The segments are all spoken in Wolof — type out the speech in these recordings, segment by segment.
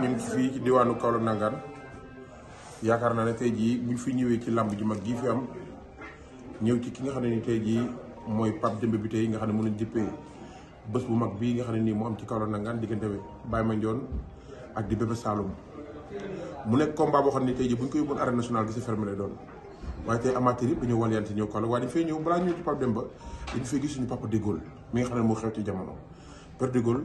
ñu ngi fii ci diwaanu Kaolack nangaan yaakaar naa ne tey jii buñ fi ñëwee ci làmb ji mag jii fi am ñëw ci ki nga xam ne ni tey jii mooy bi tey nga xam ne mën nañ jëppee bu mag bii nga xam ne nii am ci Kaolack nangaan diggante bi Baye Mandione ak di Bébé Saloum mu nekk combat boo xam ne tey jii buñ koy yóbboon arène nationale gi si fermé lay doon waaye tey amateur yëpp dañoo wàllyante ñëw Kaolack waaye dañ fay ci Demba suñu papa mi nga xew ci jamono Père Dégol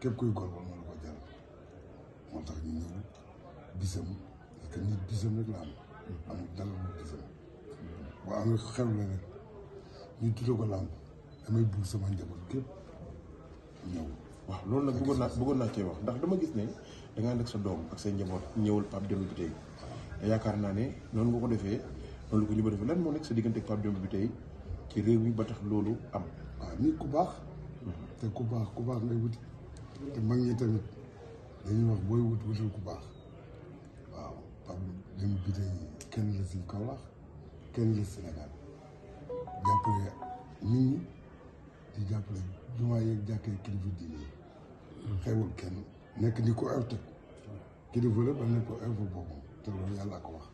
képp kuy góor ba moo la ko jaral moo tax ñu ñëw bisam parce que nit bisam rek la am damay bugg sama njaboot képp ñëw waaw loolu nag bëggoon naa bëggoon naa cee wax ndax dama gis ne da nga ànd doom ak say njaboot ñëwul Pape te yaakaar naa ne noonu nga ko defee noonu ko ñu ba defee lan moo nekk sa diggante Pape Demba bi tey ci réew mi ba tax loolu am waaw nit ku baax mm-hmm. te ku baax ku baax ngay wuti te mag ñi tamit dañuy wax booy wut wutal ku baax waaw Pape Demba Bitèye kenn la si Kaolack kenn la Sénégal jàppale nit ñi di jàppale jumaa yeeg jàkkee kilifa diine yi xewul kenn nekk ni ko ewte kilifa la ba nekk ko ewte boppam te loolu yàlla ko wax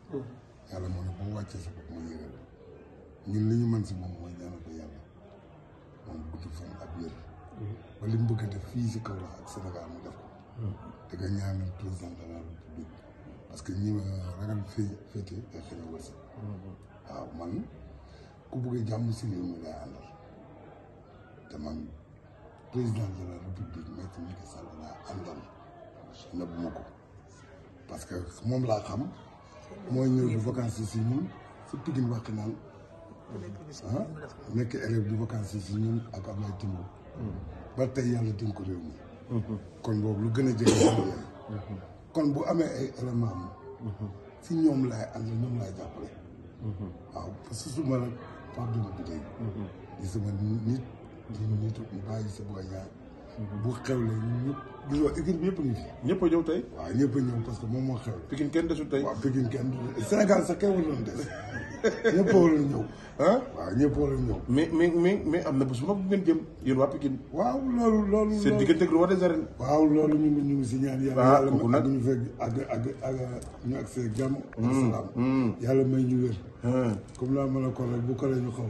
yàlla moo ne boo wàccee sa bopp mu yëgal ñun li ñu mën si moom mooy ñaanal ko yàlla moom gudd fan ak wér ba mu bëgg a def fii si Kaolack ak Sénégal mu def ko. di hmm. nga président de la République parce que ñi ma ragal fee féete day xëy na wërsëg. Hmm. waaw man ku bëgg jàmm si réew mi lay àndal te man président ko parce que moom laa xam mooy ñëw di vacances si ñun si Pikine wax naan nekk ah, élève bu vacances si ñun ak Ablaye Timbo. ba tey yàlla dénk réew mi mhm. kon boobu lu gën a jege suñu kon bu amee ay éléments si mhm. ci ñoom laay ànd ñoom laay jàppale mhm. waaw parce que suma nag Pape Demba Bitèye di sama nit di nitu bàyyi si booy ñaar Mhm. bu xewle ñëpp gis nga équipe bi yëpp ñëpp a ñëw tey waaw ñëpp a ñëw parce que moom moo xewle Pikine kenn desul tey waaw Pikine kenn desul Sénégal sax kenn waroon des ñëpp waroon ñëw ah waaw ñëpp waroon ñëw mais am na bu mag bu ngeen jëm yéen waa Pikine waaw loolu loolu seen diggante ak roi des arènes waaw loolu ñu ngi ñu ngi si ñaan yàlla ah, yàlla ñu ñu ak seen jàmm ak hmm, salaam hmm. yàlla may ñu wér hmm. comme laa mën a ko rek bu ko ñu xaw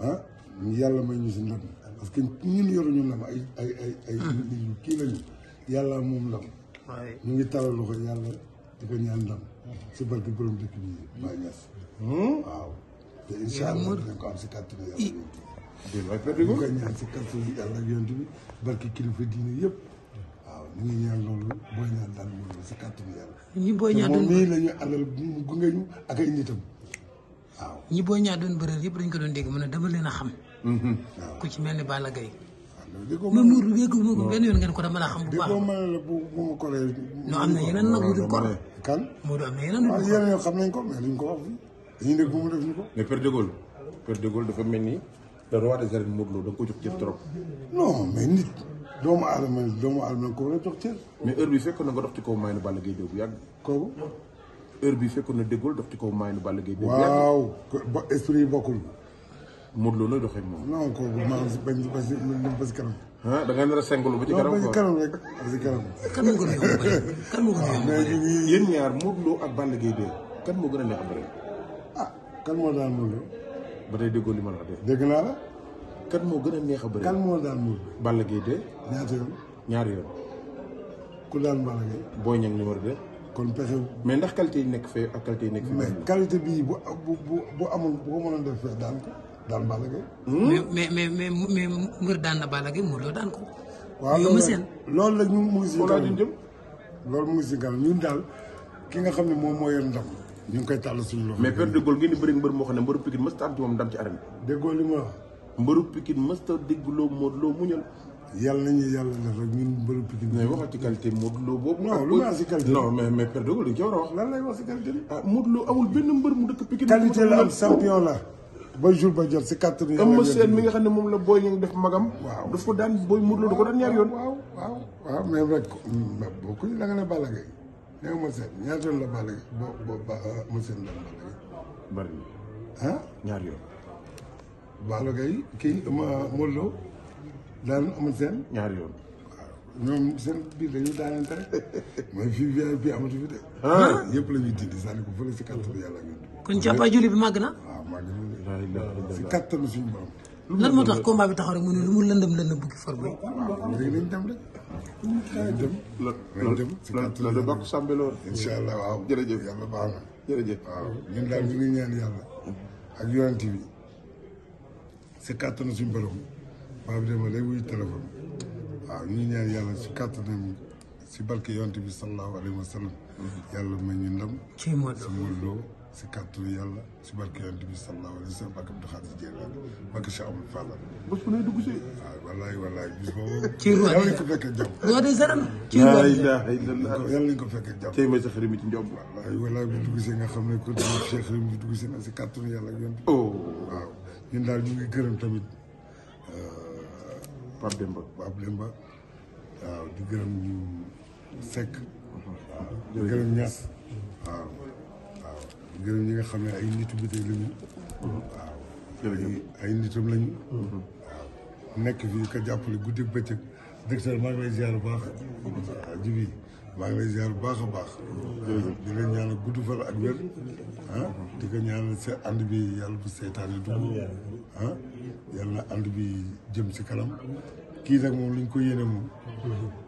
Ah, yàlla may ñu si ndam parce que ñun yoruñu ndam ay ay ay nit yu kii lañu yàlla moom ndam mu ngi talal loxo yàlla di ko ñaan ndam si barke borom dëkk bi Baye hmm? si kàttanu yàlla yonent bi ñu koy ñaan si kàttanu yàlla yëpp waaw ngi ñaan loolu booy yàlla moom nii la ñu àndal gunge ñu ak ay waaw ñi booy ñaar doon bëreel yëpp dañ ko doon dégg mu a dama leen a xam. Mm-hmm. ku ci mel ni Balla Gaye. waaw loolu moom dégg ko benn ma ne la bu ko lee. non am na kan Modou xam nañ ko mais ko mu def ñu ko. mais Père de Gaulle Père dafa mel ni le roi des arènes da nga ko jox cër mais nit doomu aadama doomu aadama ko war a jox cër. mais heure bi fekk na nga dox ci kaw may na Balla Gaye bu yàgg kooku heure bi fekkoon na déggul dox ci kaw maay nu Balla Gaye. waaw ba esprit yi bokkul. a a yomb bëri ñaar ak Balla Gaye de kan moo gën a neex bëri. Ah, li ma la wax de. dégg a neex a bëri. moo daan Modou Lo. Balla de. ñaata yoon. ñaari yoon. ku daan Balla Gaye. Boy Niang numéro 2. kon pexe. mais ndax qualité nek fe ak qualité nek nekk mais qualité bi bu bu bu amul bu ko mënoon def fee daan ko daan Balla hmm? mais mais mais mais mbër daan na Balla Gaye Modou Lo daan ko. wa yo ma sen lol la ñu musical loolu mu ngi si kanam ñun daal ki nga xam mo moyon ndam ñu koy tal suñu lo mais Père de gol gi ni bëri mbeur mo xam mbeur Pikine mës ta am ci moom ndam ci arène. déggoo li ma wax. mbëru Pikine mës ta dégg loo Lo muñal yàlla nañu yàlla def rek ñun mbëru Pikine. mais waxal ci qualité Modou Lo boobu. non lu ma ci qualité non mais mais Père Dogo li nga war a wax. lan lay wax ci qualité bi. ah Modou Lo amul benn mbër mu dëkk Pikine. qualité la nga xam ne moom la booy ñu def magam. waaw daf ko daan booy Modou Lo da ko daan ñaar yoon. waaw waaw waaw mais rek. boo ko la nga ne ma seen ñaar yoon la Balla Gaye boo boo ba ma seen ñaar yoon. Balla Gaye kii Modou Lo. daan amal seen. ñaari yoon. waaw ñoom seen biir dañu daanante rek mooy fii VIP amatu fi de. Ah. Ah, yëpp la ñuy dindi sànni ko fële si kàttanu yàlla ñun. kon jàppaay julli bi màgg na. waaw màgg na si kàttanu suñu borom. lan moo tax combat bi taxaw rek mu ne lu mu lëndëm lëndëm bukki for bi. waaw léegi nañ dem rek. nañ dem nañ dem si kàttanu yàlla loolu bokk paa bi dama léegi wuyu téléphone waaw ñu ñaan yàlla si kàttanam si barke yonent bi sallallahu alayhi wa sallam mm-hmm. yàlla ma ñu ndam si Modou Lo si kàttanu yàlla si barke yonent bi sallallahu alayhi wa sallam barke Abdou Khadir Jeylani barke Cheikh Amadou Fall bés bu ne dugg si waaw wallaay wallaay ci roi yàlla ko fekkee jàmm roi des arènes ci roi yàlla lañ ko fekkee jàmm tey mi ci njom wallaay wallaay bu dugg si nga xam ne ko Cheikh Rim bi dugg si na si kàttanu yàlla ak yonent oh. waaw ñun Pape Demba. Pape Demba waaw di gërëm ñu uh-huh. di gërëm Niass. di gërëm ñi nga xam ne ay nitu bitim lañu. Uh-huh. waaw jërëjëf ay nitam lañu. Uh-huh. nekk fii ko jàppale guddi bëccëg docteur maa ngi lay ziar bu maa ngi lay bu baax a baax. di nga ñaanal gudd fan ak wér. ah di nga ñaanal ànd bi yàlla bu seytaane dugg. ah yàlla na ànd bi jëm si kanam. kii nag moom lañ ko yéene moom.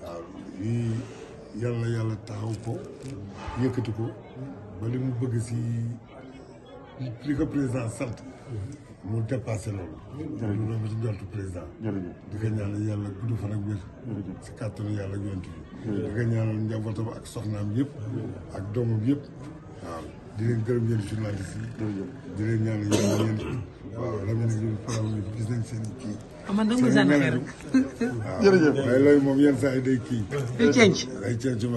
waaw lii yàlla yàlla taxaw ko. yëkkati ko. ba li mu bëgg si li ko président sant. mu dépassé loolu. jërëjëf loolu ci njortu président. jërëjëf di ko ñaanal yàlla gudd fan a wér. si kàttanu yàlla ak yonent bi di ko ñaanal njabootam ak soxnaam yëpp ak doomam yëpp di leen gërëm yéen journaliste yi di leen ñaanal yéen yéen waaw Lamine ak yéen faram gis nañ seen kii ah, man dama gendarmerie rek. jërëjëf waaye loolu moom yenn saa yi day kii. day cenc